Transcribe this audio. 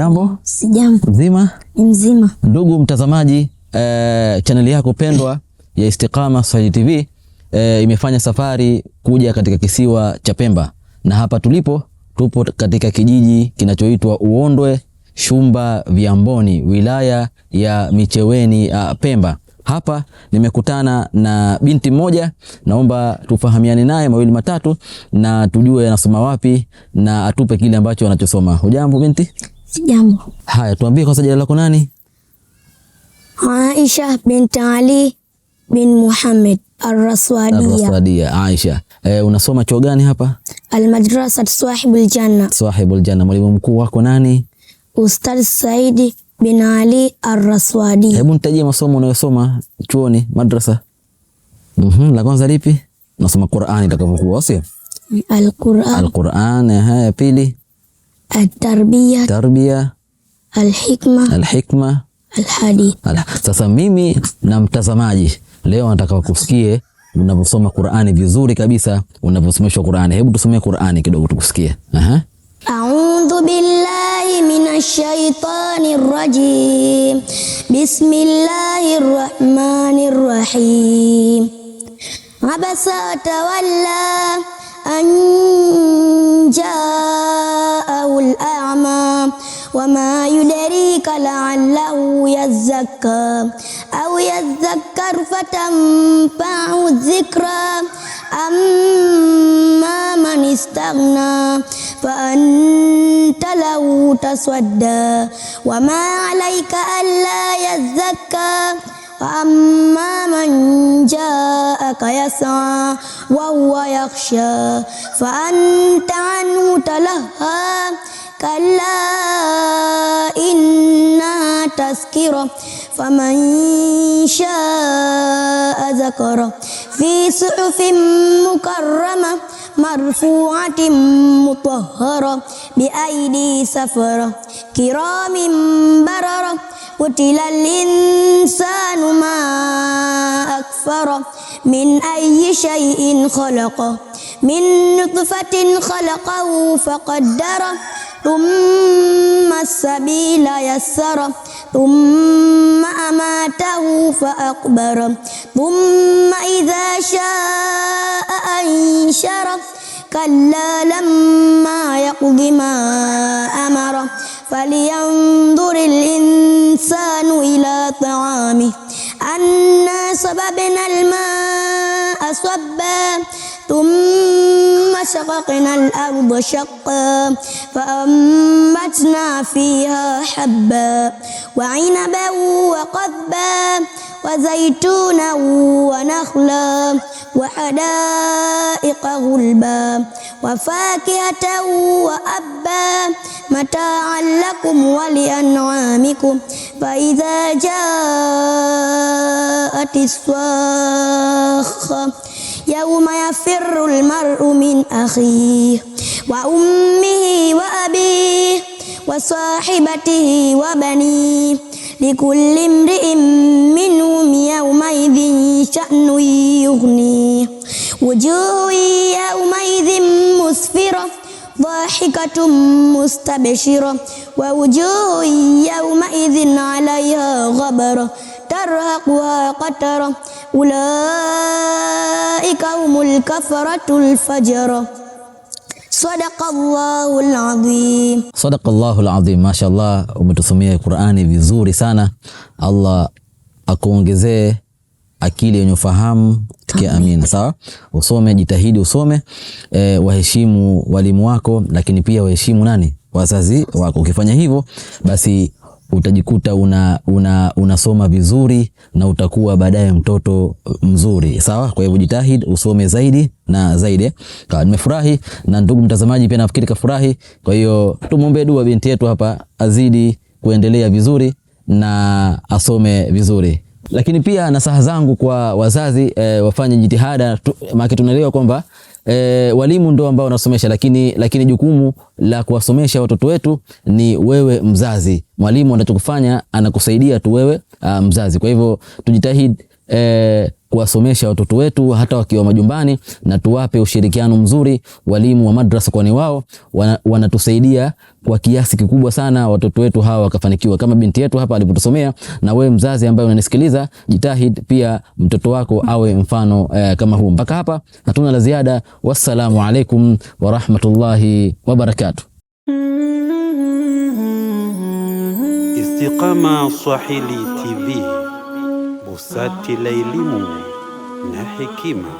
Jambo? Si jambo. Mzima? Ni mzima. Ndugu mtazamaji, e, eh, chaneli yako pendwa ya Istiqama Swahili TV e, eh, imefanya safari kuja katika kisiwa cha Pemba na hapa tulipo tupo katika kijiji kinachoitwa Uondwe Shumba Vyamboni, wilaya ya Micheweni a, eh, Pemba. Hapa nimekutana na binti mmoja, naomba tufahamiane naye mawili matatu na tujue anasoma wapi na atupe kile ambacho anachosoma. Hujambo binti? Sijambo. Haya, tuambie kwanza jina lako nani? Aisha bint Ali bin Muhammad Arraswadia. Arraswadia, Aisha. Eh, unasoma chuo gani hapa? Almadrasat Swahibul Janna. Swahibul Janna. Mwalimu mkuu wako nani? Ustadh Saidi bin Ali Arraswadi. Hebu nitajie masomo unayosoma chuoni madrasa. Mhm, mm, la kwanza lipi? Nasoma Qur'ani itakavyokuwa, sio? Al-Qur'an. Al-Qur'an, eh, pili. Atarbia, tarbia. Alhikma, alhikma. Alhadith. Sasa mimi na mtazamaji leo nataka kusikie unavyosoma Qur'ani vizuri kabisa, unavyosomeshwa Qur'ani. Hebu tusomee Qur'ani kidogo tukusikie. Aha. A'udhu billahi minash shaitani rajim. Bismillahir rahmanir rahim. Abasa tawalla أن جاءه الأعمى وما يدريك لعله يزكى أو يذكر فتنفعه الذكرى أما من استغنى فأنت له تصدى وما عليك ألا يزكى وأما من جاءك يسعى وهو يخشى فأنت عنه تلهى كلا إنها تذكرة فمن شاء ذكره في صحف مكرمة مرفوعة مطهرة بأيدي سفرة كرام قتل الإنسان ما أكفر من أي شيء خلقه من نطفة خلقه فقدره ثم السبيل يسره ثم أماته فأقبره ثم إذا شاء أنشره كلا لما يقض ما أمره فلينظر الإنسان الإنسان إلى طعامه أنا صببنا الماء صبا ثم شققنا الأرض شقا فأنبتنا فيها حبا وعنبا وقضبا وزيتونا ونخلا وحدائق غلبا وفاكهة وأبا متاعا لكم ولأنعامكم فإذا جاءت الصاخة يوم يفر المرء من أخيه وأمه وأبيه وصاحبته وبنيه لكل امرئ منهم يومئذ شأن يغنيه وجوه dhahikatun mustabshira wa wujuhun yawmaidhin 'alayha ghabara tarhaquha qatara ulaika humul kafaratul fajara Sadaqallahul azim. Sadaqallahul azim. Mashaallah, umetusomea Qur'ani vizuri sana. Allah akuongezee akili yenye ufahamu tukia amina. Sawa, usome, jitahidi usome. E, waheshimu walimu wako, lakini pia waheshimu nani, wazazi wako. Ukifanya hivyo, basi utajikuta una, una, unasoma vizuri na utakuwa baadaye mtoto mzuri. Sawa, kwa hivyo jitahidi usome zaidi na zaidi. Eh? nimefurahi na ndugu mtazamaji pia nafikiri kafurahi. Kwa hiyo tumuombe dua binti yetu hapa azidi kuendelea vizuri na asome vizuri. Lakini pia nasaha zangu kwa wazazi e, wafanye jitihada tu, maana tunaelewa kwamba e, walimu ndio ambao wanasomesha, lakini lakini jukumu la kuwasomesha watoto wetu ni wewe mzazi. Mwalimu anachokufanya anakusaidia tu wewe a, ah, mzazi. Kwa hivyo tujitahidi e, eh, kuwasomesha watoto wetu hata wakiwa majumbani, na tuwape ushirikiano mzuri walimu wa madrasa, kwani wao wanatusaidia kwa kiasi kikubwa sana watoto wetu hawa wakafanikiwa, kama binti yetu hapa alipotusomea. Na we mzazi ambaye unanisikiliza, jitahid pia mtoto wako awe mfano eh, kama huu. Mpaka hapa hatuna la ziada. Wassalamu alaikum warahmatullahi wabarakatuh. Istiqama Swahili TV la elimu na hekima.